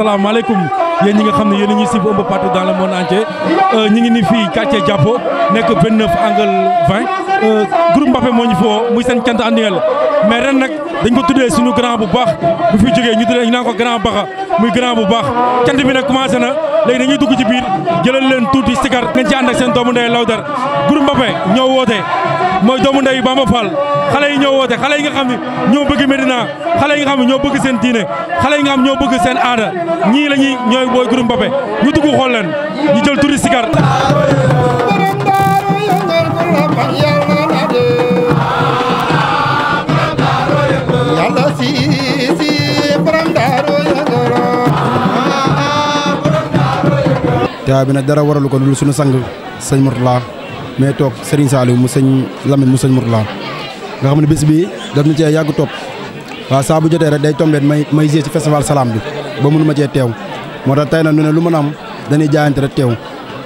asalaamaaleykum yéen ñi nga xam ne yéen a ñuy suivre un peu partout dans le monde entier euh, ñi ngi ni fii quartier Diapo nekk 29 angle 20 euh, groupe Mbappé moo ñu fi woo muy seen cant annuel mais ren nag dañ ko tuddee suñu grand bu baax bu fi jógee ñu tuddee ñu naan ko grand baxa muy grand bu baax cant bi nag commencé na léegi dañuy dugg ci biir jëlal leen tuuti sigar ngeen ci ànd ak seen doomu ndey Lawdar groupe Mbappé ñoo wootee mooy doomu ndeyu Bamba Fall xale yi ñoo woote xale yi nga xam ñoo bëgg Medina xale yi nga xam ñoo bëgg seen diine xale nga xam ñoo bëgg seen aada ñii la ñuy ñooy booy groupe Mbappé ñu dugg xool ñu jël turi sikar teewaay bi nag dara waralu ko lu sunu sang sëñ Mourtala mais toog Serigne Saliou mu sëñ Lamine mu sëñ Mourtala nga xam ne bés bi daf na cee yàgg topp waa saa bu jotee rek day tombé may may gisee ci salaam bi ba mënu ma cee teew moo tax tey na ñu ne lu mën a am dañuy jaayante rek teew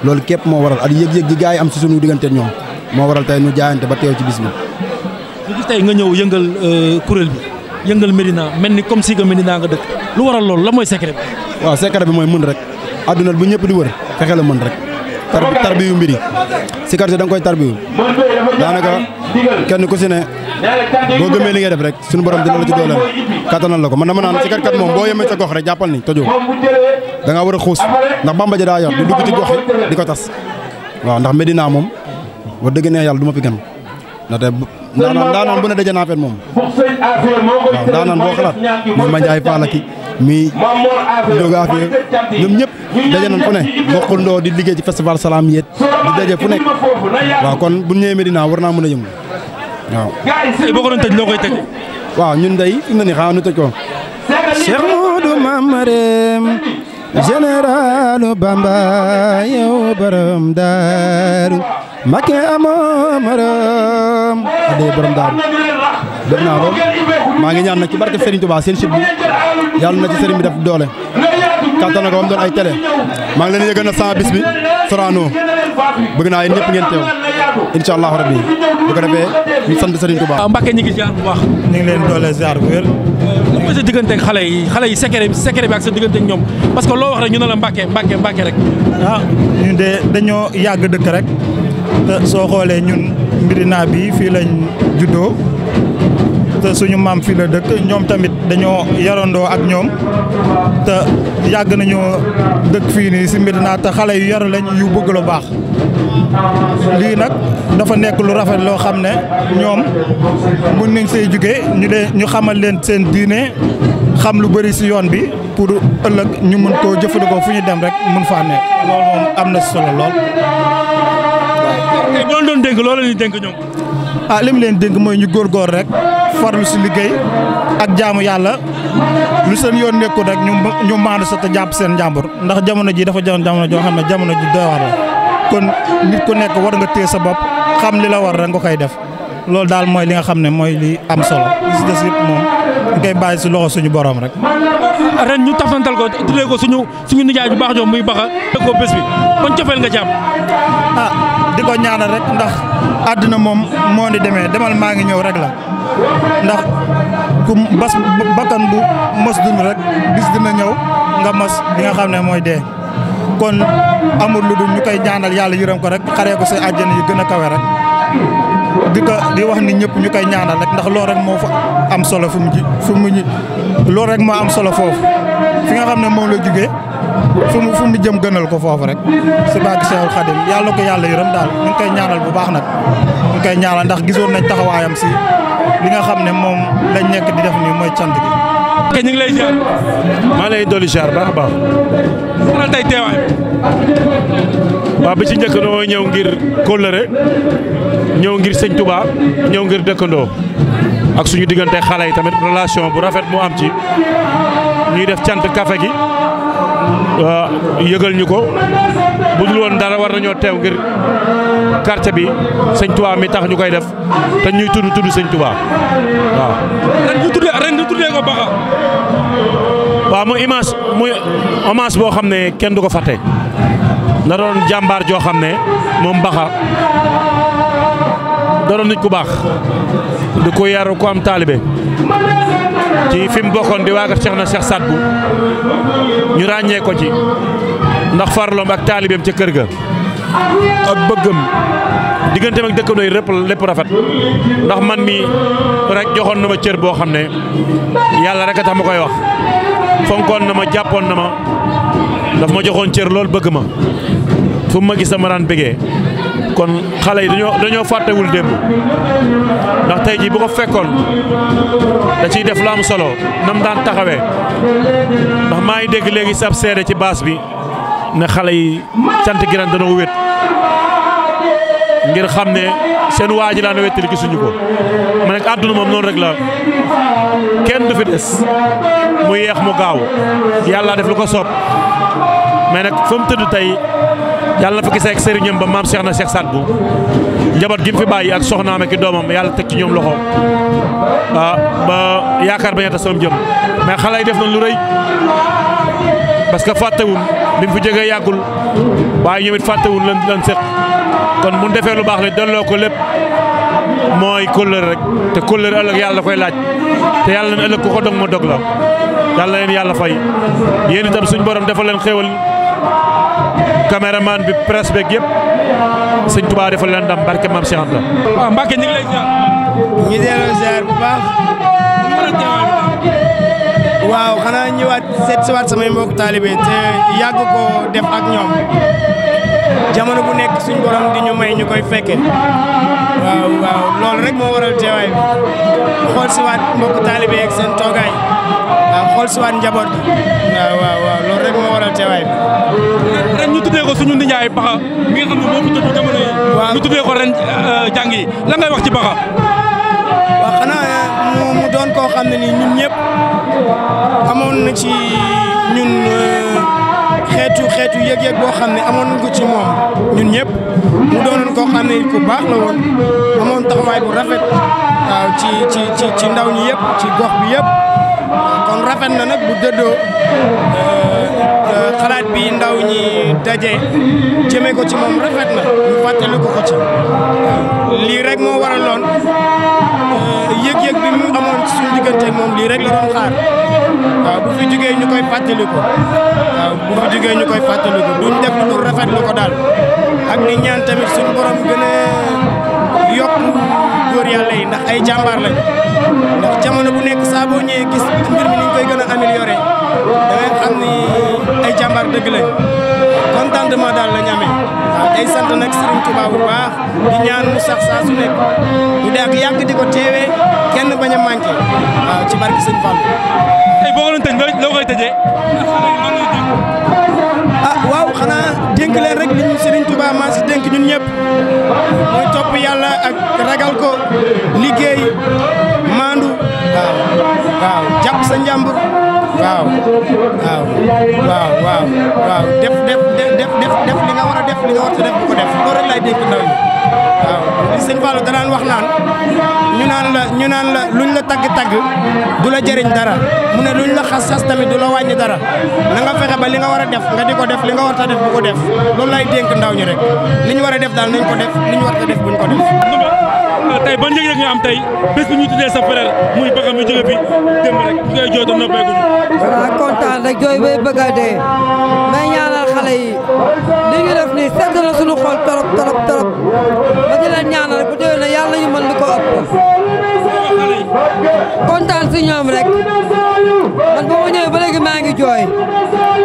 loolu képp moo waral ak yëg-yëg gi gars yi am si sunu diggante ñoom moo waral tey ñu jaayante ba teew ci bis bi. ñu gis tey nga ñëw yëngal euh, kuréel bi yëngal Medina mel ni comme si que Medina nga dëkk lu waral loolu la mooy secret bi. waaw secret bi mooy mën rek bu ñëpp di wër fexe la mën rek. tarbi tarbi yu mbiri ci quartier da nga koy tarbiyu daanaka kenn ku ci ne kan bo gëmé li ngay def rek suñu borom dina la ci dolal katanal lako man dama nan ci kat mom bo yemee ci gox rek jappal ni tojoo da nga wara xoss ndax bamba ja da yor du dugg ci gox yi di ko tas ndax Medina mom wa deug ne yalla duma ma fi gan tay ndaanaan ndaanaan bu ne daje naa fenn moom waaw ndaanaan boo xalaat muy Mandiaye Falaki mi Ndogo Afia ñoom ñëpp daje nañ fu ne bokkundoo di liggéey ci festival Salam di daje fu nekk waaw kon bu ñëwee Medina war naa mën a yëngu waaw. boo ko doon tëj loo koy waaw ñun day fi mu ne nii xaaral ñu tëj ko. généralu Bamba yow borom daaru Mbakke amoo adee borom daaru maa ngi ñaan nag ci barke Serigne Touba seen site bi yàlla na ci Serigne bi def doole kattan ko doon ay télé maa ngi leen yëgal na sama bis bi Sorano bëgg naa yéen ñëpp ngeen teew incha allahu rabi bu san defee ñu sant Serigne Touba. Mbacke ñu ngi ziar bu baax. ñu ngi leen doole ziar bu wér. lan mooy sa diggante xale yi xale yi secret bi secret bi ak sa diggante ñoom parce que loo wax rek ñu ne la Mbacke Mbacke Mbacke rek. ah ñun de dañoo yàgg dëkk rek te soo xoolee ñun naa bi fii lañ juddoo. te suñu mam fi la dekk ñom tamit dañoo yarando ak ñom te yag nañu dekk fi ni ci Médina te xalé yu yar lañ yu bëgg lu baax li nak dafa nekk lu rafet lo xamne ñom mën nañ sey juggé ñu dé ñu xamal leen seen diiné xam lu bari ci yoon bi pour ëlëk ñu mën koo jëfandikoo fu ñu dem rek mën fa nekk lool mom amna solo lool. tey doon dégg loolu la ñuy dénk ñoom. ah li mu leen dénk mooy ñu góor góorgóor rek farlu si liggéey ak jaamu yàlla lu seen yoon nekkul rek ñu ñu maandu sa te jàpp seen njàmbur ndax jamono ji dafa jamono jamono joo xam ne jamono ji doy waar kon nit ku nekk war nga téye sa bopp xam li la war rek nga koy def loolu daal mooy li nga xam ne mooy li am solo li si des yëpp bàyyi si loxo suñu boroom rek. ren ñu tafantal ko tuddee ko suñu nijaay baax joo muy baxa. ko bés bi ban cofeel nga ci ko ñaanal rek ndax àdduna moom moo di demee demal maa ngi ñëw rek la ndax ku bas bakkan bu mos dund rek bis a ñëw nga mos li nga xam ne mooy dee kon amul lu dul ñu koy ñaanal yàlla yërëm ko rek xaree ko sa àjjana yu gën a kawe rek di ko di wax ni ñëpp ñu koy ñaanal rek ndax loolu rek moo fa am solo fu mu ji fu mu loolu rek moo am solo foofu fi nga xam ne moom la jugee fu mu fu mu jëm gënal ko foofu rek si baagi Seexul Xadim yàlla ko yàlla yërëm daal ñu ngi koy ñaanal bu baax nag ñu ngi koy ñaanal ndax gisoon nañ taxawaayam si li nga xam ne moom lañ nekk di def nii mooy cant gi. ñu ngi lay jaar. maa lay dolli jaar baax baax. waral tey teewaay. waaw bi ci njëkk mooy ñëw ngir kóllëre ñëw ngir sëñ Touba ñëw ngir dëkkandoo ak suñu diggante xale yi tamit relation bu rafet mu am ci ñuy def cant kafe gi. Euh, yëgal ñu ko bu dul woon dara war nañoo teew ngir quartier bi sëñ tubaa mi tax ñu koy def te ñuy tudd tudd sëñ Touba waaw. ren ñu ko Baxa. waaw mu image boo xam ne kenn du ko fàtte na doon jàmbaar joo xam ne moom Baxa da doon nit ku baax di ko yaru ko am taalibe ci fi mu bokkoon di waagat Cheikh na Cheikh Sadbou ñu ràññee ko ci ndax farloom ak taalibeem ca kër ga ak bëggam digganteem ak dëkkandoo yi rëpp lépp rafet ndax man mi rek joxoon na ma cër boo xam ne yàlla rek a tax ma koy wax fonkoon na ma jàppoon na ma daf ma joxoon cër lool bëgg ma fu ma gis sama daan bëggee kon xale yi dañoo dañoo fàttewul démb ndax tey jii bu ko fekkoon da ciy def lu am solo nam daan taxawee ndax maa ngi dégg léegi sab seede ci baas bi ne xale yi cant gi ren danoo wét ngir xam ne seen waa ji laan wettali gisuñu ko ma nekk àdduna moom noonu rek la kenn du fi des mu yeex mu gaaw yàlla def lu ko soob mais nag fa mu tëdd tey yàlla na fa gisee ak sëriñam ba maam Cheikh na Cheikh Saad Bou njaboot gi mu fi bàyyi ak soxnaam ak i doomam yàlla teg ci ñoom loxo ah, ba yaakaar bañ a tas jëm mais xale yi def na lu rëy parce que fàttewul bi mu fi jógee yàggul waaye ñoom it fàttewul lan lan sëq kon mun defee lu baax la delloo ko lépp mooy kóllëre rek te kóllëre ëllëg yàlla koy laaj te yàlla na ëllëg ku ko dog ma dog la yàlla leen yàlla fay yéen itam suñu borom defal leen xéewal caméraman bi presse beeg yëpp sëñ Touba defal leen ndam barke maam Cheikh Anta. waaw Mbacke ñu ngi lay ziar. waaw xanaa ñëwaat seet si waat samay mbokk taalibe te yàgg ko def ak ñoom jamono bu nekk suñ borom di ñu may ñu koy fekke waaw waaw loolu rek moo waral teewaay xool si waat mbokk taalibe ak toogaay. waaw xool si waat njaboot bi waaw waaw waaw loolu moo waral teewaay bi. ren ñu tuddee ko suñu nijaay Baxa mi xam ne moo fi jot jamono yi. waaw ñu tuddee ko ren euh, yi lan wax ci Baxa. waaw xanaa euh, mu doon koo xam ne nii ñun ñëpp amoon na ci ñun euh, xeetu xeetu yëg-yëg boo xam ne amoon nañ ko ci moom ñun ñëpp mu doonoon ko xam ne ku baax la woon amoon taxawaay bu rafet waaw ci ndaw ñi yëpp ci gox bi yépp kon rafet na nag bu dëddoo euh, xalaat bi ndaw ñi daje jëme ko ci moom rafet na ñu fàttali ko ko ci lii rek moo waraloon euh, yëg-yëg bi mu amoon ci suñu diggante moom lii rek la doon xaar waaw bu fi ñu koy fàttali ko waaw bu fi ñu koy fàttali ko duñ def lu rafet lu daal ak ni ñaan tamit suñu borom gën a yokk góor yàlla yi ay jàmbaar lañ ndax jamono bu nekk saa boo ñëwee gis mbir mi ni ñu koy gën a da ngay xam ni ay jàmbaar dëgg lañ contentement daal lañ amee waaw day sant nag Serigne Touba bu baax di ñaan mu sax saa su nekk bu dee di ko teewee kenn bañ a manqué waaw ci barke Sëñ Fall. tey boo ko doon tëj Touba maa si dénk ñun ñëpp mooy topp yàlla ragal ko liggéey maandu waaw waaw jàpp sa njàmbur waaw waaw waaw waaw waaw def def def def li nga war a def li nga war a def bu ko def loolu rek laay dénk ndaw ñi waaw sëñ Fallou danaan wax naan ñu naan la ñu naan la luñ la tagg-tagg du la jëriñ dara mu ne luñ la xas xas tamit du la wàññi dara na nga fexe ba li nga war a def nga di ko def li nga war ta def bu ko def loolu lay dénk ndaw ñi rek li ñu war a def daal nañ ko def li ñu war ta def buñ ko def. tey ban yëg-yëg nga am tey bés bu ñu tuddee sa frère muy bëgg mu jóge fi démb rek ñu koy jooytu noppeeku ñu. waaw kontaan rek jooy bay bëgg dee xale yi li nga def nii sedd na suñu xol torop torop torop ba di ñaanal bu déwénee na yàlla ñu mën di ko ëpp kontaan si ñoom rek man ba ma ñëwee ba léegi maa ngi jooy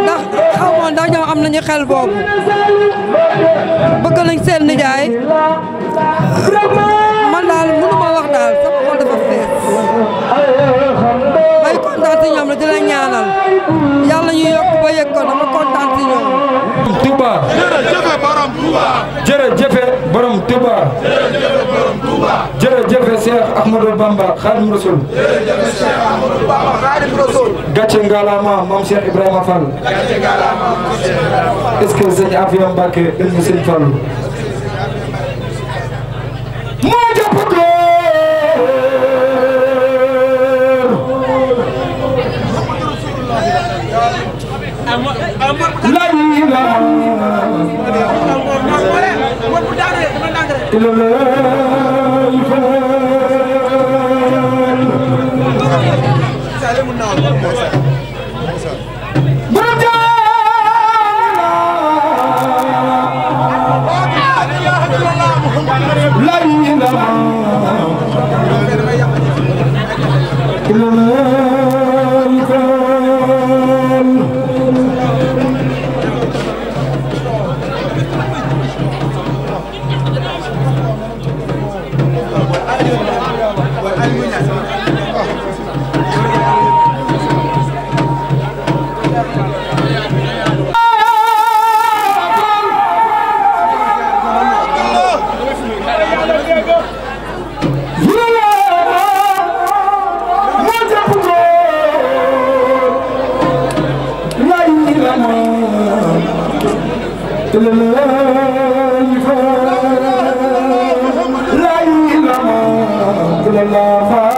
ndax xamoon ndax ñoom am nañu xel boobu bëgg nañ seen nijaay man daal mënu ma wax daal sama xol dafa fees may kontaan si ñoom rek di ñaanal Touba. jërëjëf borom Touba. jërëjëf borom Touba. jërëjëf borom Touba. jërëjëf Cheikh Bamba Khadim Rasoul. jërëjëf Cheikh Ahmadou Bamba Khadim Rasoul. gàcce ngalaama maam Cheikh Ibrahima Fall. gàcce ngalaama maam Cheikh Ibrahima Fall. est-ce que sëñ Afia Mbacke ibn Lord. la ilaha illallah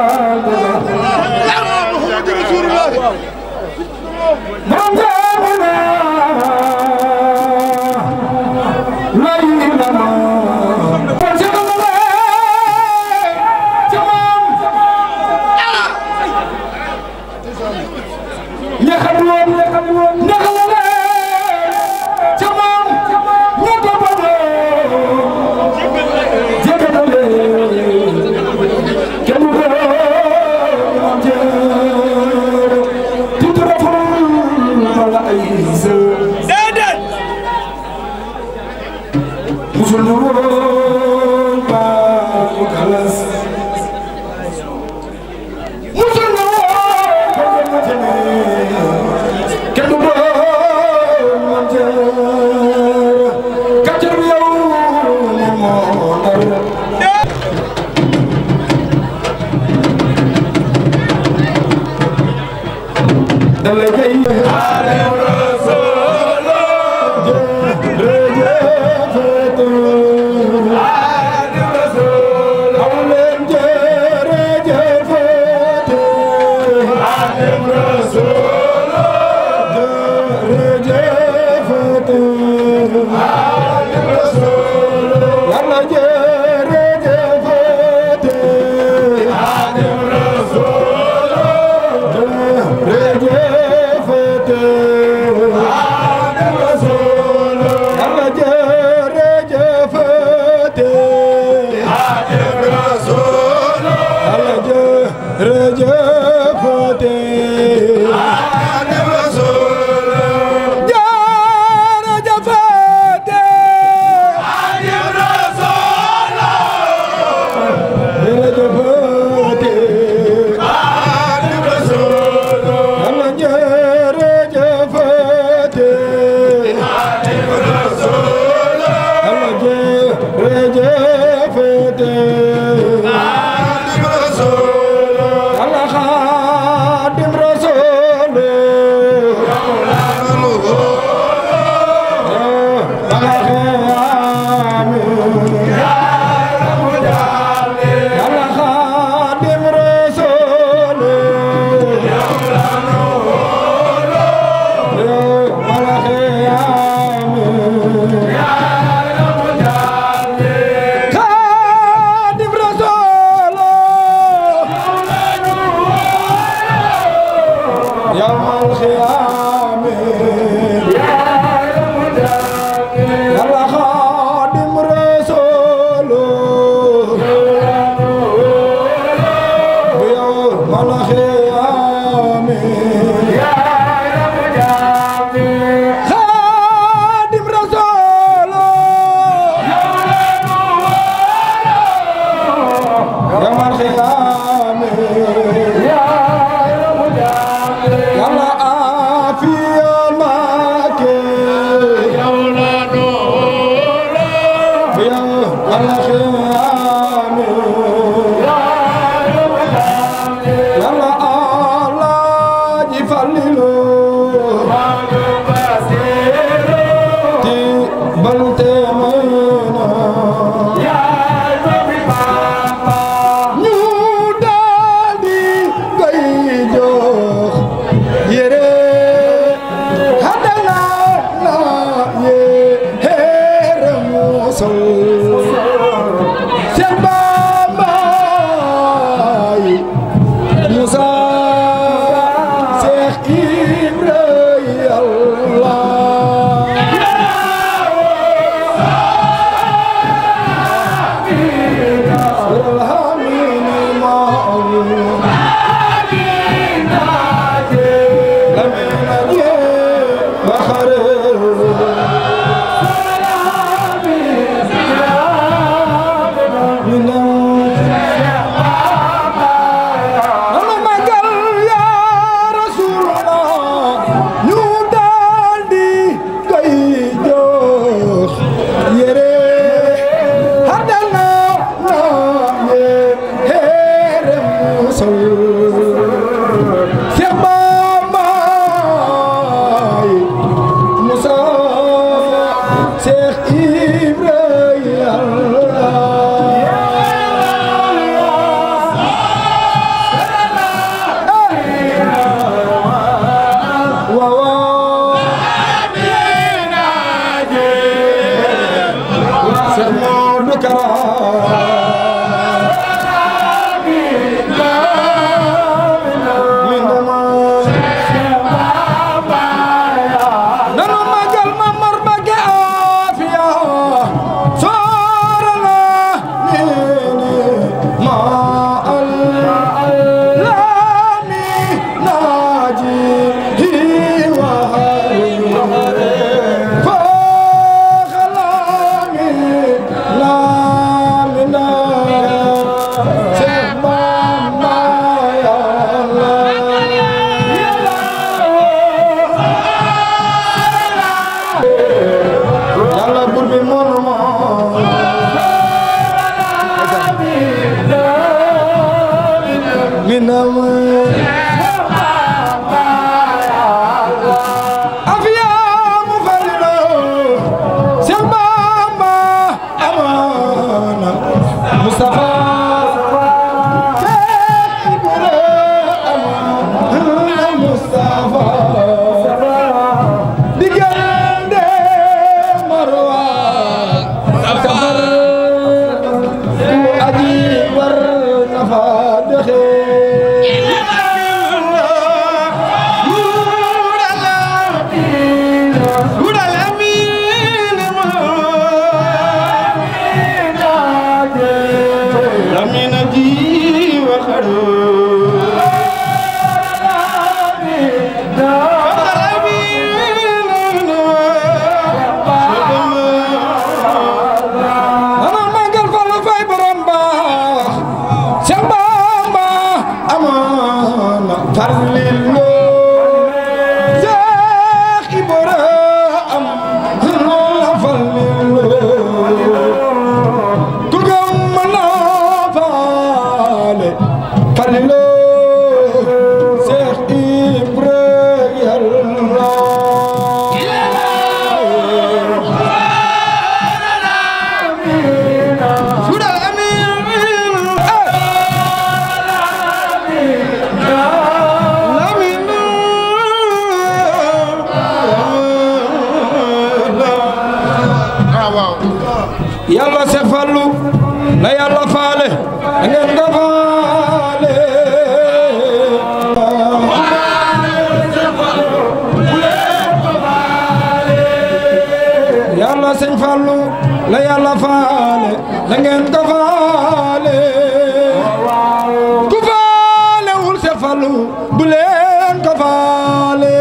पर न मां sëñ Fallu la yàlla faale la ngeen ko faale ku faale wul sëñ Fallu bu leen ko faale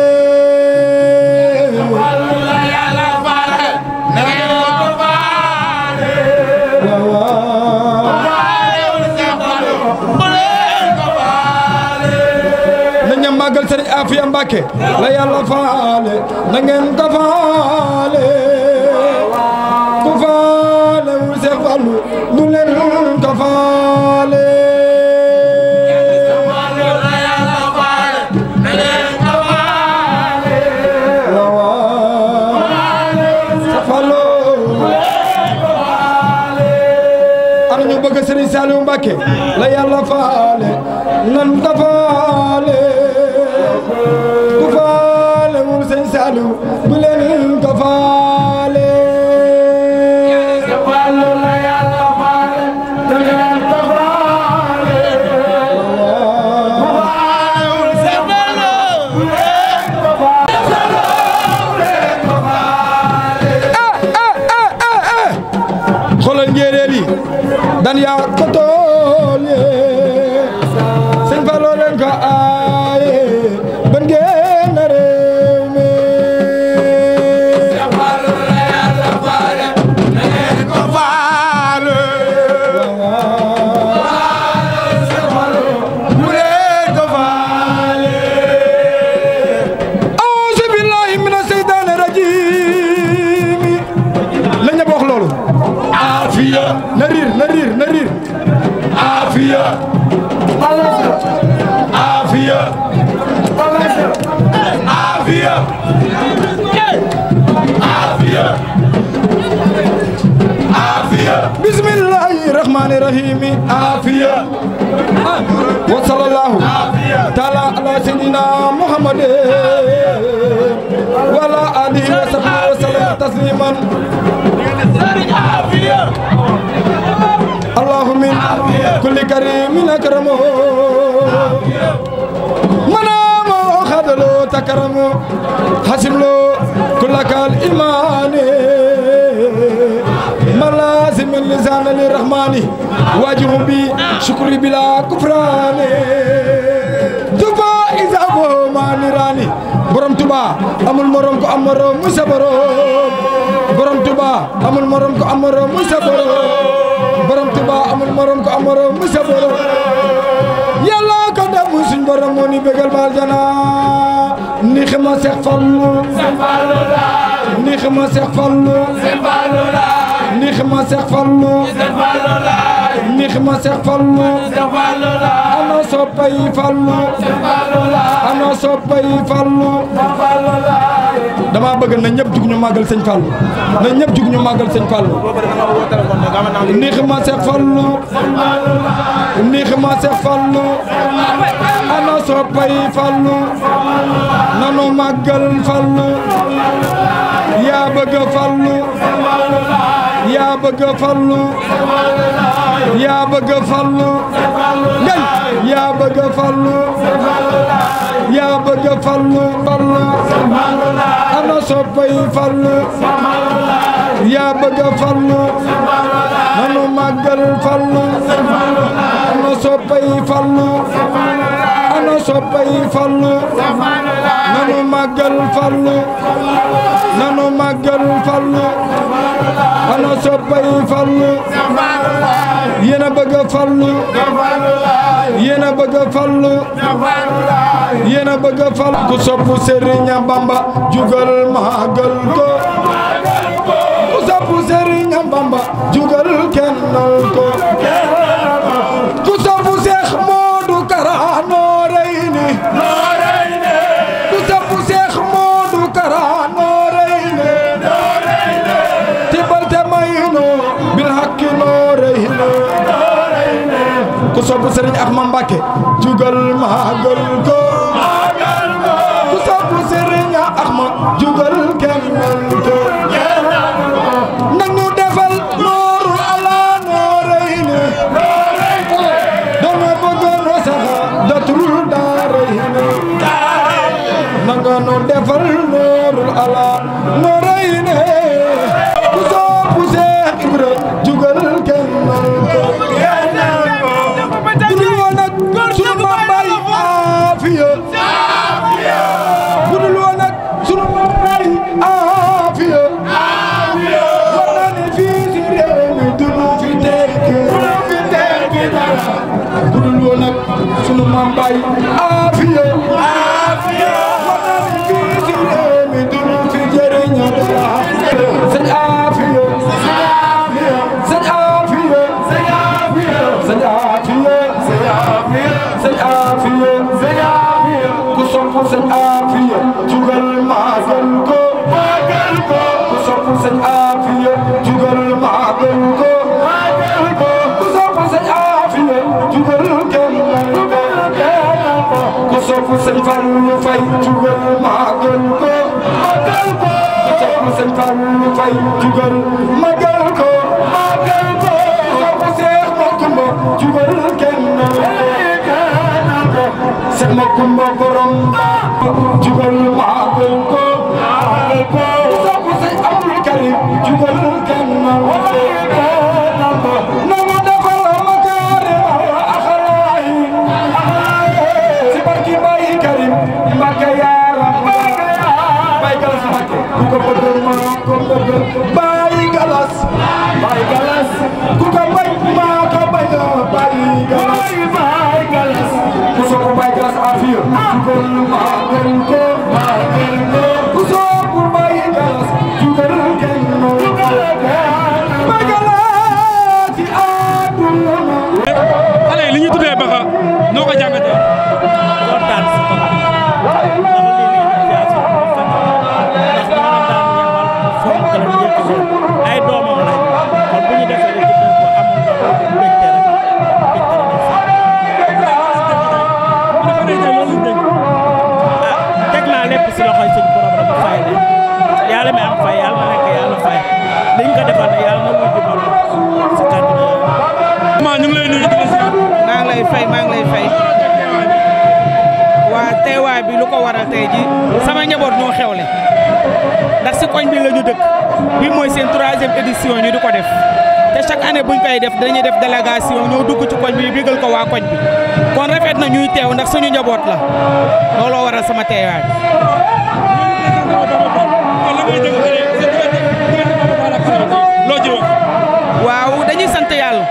Sëriñ Afiya Mbàkke la yàlla faale na ngeen ko faale থাকে got uh, Afia Afia bismillahi rahmani rahim Afia wa sallallahu taala ala sayyidina Muhammad wa ala alihi wa sahbihi wa sallam tasliman Afia Allahumma kulli karimin akramu لو تكرموا حسم لو كل قال إيماني ملازم اللسان borom Touba amul morom ko am morom mu sa borom ko am morom borom borom Touba baal jana neex ma Seex Fallu neex ma Seex Fallu neex ma Seex Fallu neex ma Seex Fallu ana soppay Fallu ana soppay Fallu dama bëgg na ñëpp jug ñu màggal sëñ Fallu na ñëpp jug ñu màggal sëñ Fallu neex ma Seex Fallu neex ma Seex Fallu ana soppay fallu nanu màggal fallu yaa bëgg fallu yaa bëgg fallu yaa bëgg fallu ngay yaa bëgg fallu yaa bëgg fallu fallu ana soppay fallu yaa bëgg fallu nanu màggal fallu ana soppay fallu soppay fallu nanu màggal fallu nanu màggal fallu ana soppay fallu yéen a bëgg a fallu yéen a bëgg a fallu yéen a bëgg a fallu ku sopp Serigne Bamba jugal màggal ko ku sopp Serigne Bamba jugal kennal ko ku sopp sëriñ Axma Mbàkke jugal màggal ko màggal ko ku sopp sëriñ Axma jugal kennal ko nag ñu defal nooru ala nooreyni dama bëggoon wasaxa datul daareyni defal nooru ala nooreyni vai. mu sëñ Fallou fay jugal magal ko magal ko mu jox mu sëñ Fallou jugal magal ko magal ko mu jox jugal kennal ko Seex Makumba borom jugal Baye Galas Mbacké ku ko bëgg ku ko bëgg Galas Baye Galas ku ko bañ maa ko bañ Galas Baye Galas ku soo ko Baye Galas ku ko ku soo ko ku ko gën Thank you. délégation ñu di ko def chaque année buñ koy def dañuy def délégation ñoo dugg ci koñ bi bigal ko waa koñ bi kon rafet na ñuy teew ndax suñu njaboot la looloo waral sama teewaay. waaw dañuy sant yàlla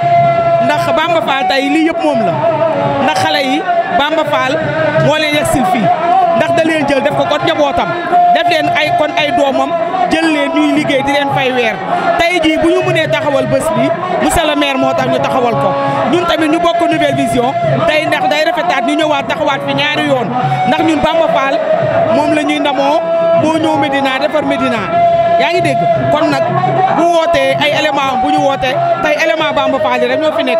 ndax Bamba Fall tey lii yëpp moom la ndax xale yi. Bamba Fall moo leen yegsil fii ndax da leen jël def ko kon njabootam def leen ay kon ay doomam jël leen ñuy liggéey di leen fay weer tey jii bu ñu mënee taxawal bés bi monsieur le maire moo tax ñu taxawal ko ñun tamit ñu bokk nouvelle vision tey ndax day rafetaat ñu ñëwaat taxawaat fi ñaari yoon ndax ñun Bamba Fall moom la ñuy ndamoo moo ñëw Medina defar Medina. yaa ngi dégg kon nag bu wootee ay élément bu ñu wootee tey élément Bamba Fall rek ñoo fi nekk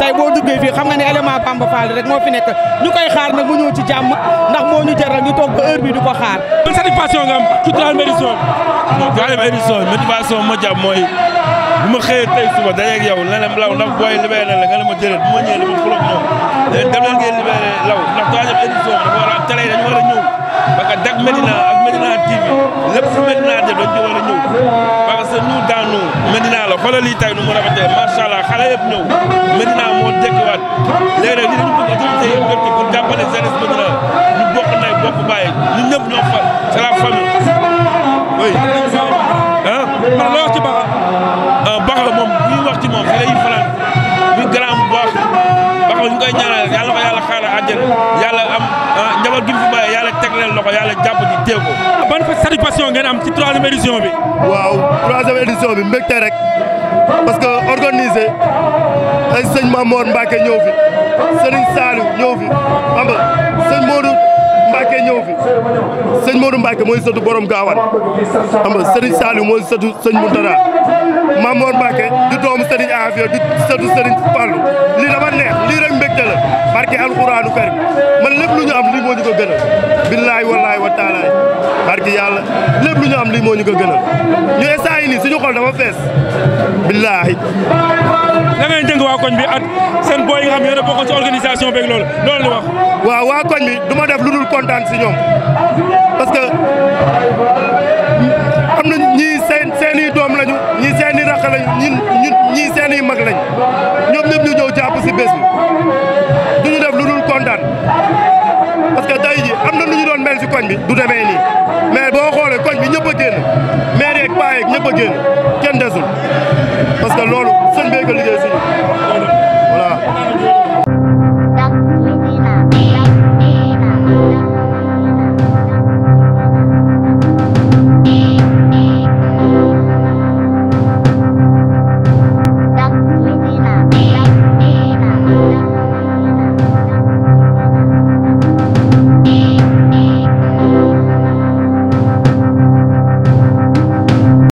tey boo duggee fii xam nga ne élément Bamba Fall rek moo fi nekk ñu koy xaar nag mu ñëw ci jàmm ndax moo ñu jaral ñu toog ba heure bi du ko xaar. ban satisfaction nga am ci troisième édition bi. troisième édition motivation ma jàpp mooy bu ma xëyee tey suba dajeeg yow ne leen law ndax booy libéré la nga ne ma jëlee bu ma ñëwee li ma fulog ñoom dem leen ngeen libéré law ndax troisième a télé dañu war a parce que Dak Médina ak Médina TV lépp fu Médina def dañ ci war a ñëw parce la xoolal lii tey nu mu rafetee macha allah xale yëpp ñëw Médina moo dëkkiwaat léegi nag li dañu bëgg autorité yëpp jot ci pour jàppale jeunesse Médina ñu bokk nay bokk bàyyi ñu ñëpp ñoo far c'est famille oui man loo wax ci Baxa ah moom bu wax ci moom fii lay faral muy grand baax Baxa ñu koy ñaanal yàlla ko yàlla xaaral àjjana yàlla am ah, njaboot gi ñaanal na ko yàlla jàpp ci téye ko. ban ngeen am ci troisième édition bi. waaw troisième édition bi mbégte rek parce que organisé ay sëñ Mamor Mbacke ñëw fi sëriñ Saliou ñëw fi xam nga sëñ Modou Mbacke ñëw fi sëñ Modou Mbacke mooy sëtu borom gaawaan xam nga sëriñ Saliou mooy sëtu sëñ Moutara Mamor Mbacke di doomu sëriñ Afia di sëtu sëriñ Fallou lii dafa neex barke alxuraanu karim man lépp lu ñu am lii moo ñu ko gënal billaay wallaay wa taalaay barke yàlla lépp lu ñu am lii moo ñu ko gënal ñu instant yi nii suñu xol dafa fees billaay la ngeen dénk waa koñ bi ak seen booy yi nga xam yéen a bokk ci organisation beeg loolu loolu la wax waaw waa koñ bi du def lu dul kontaan si ñoom parce du demee nii mais boo xoolee koñ bi ñëpp a génn maire yeeg paa yeeg ñëpp a génn kenn desul parce que loolu sëñ bee ko liggéey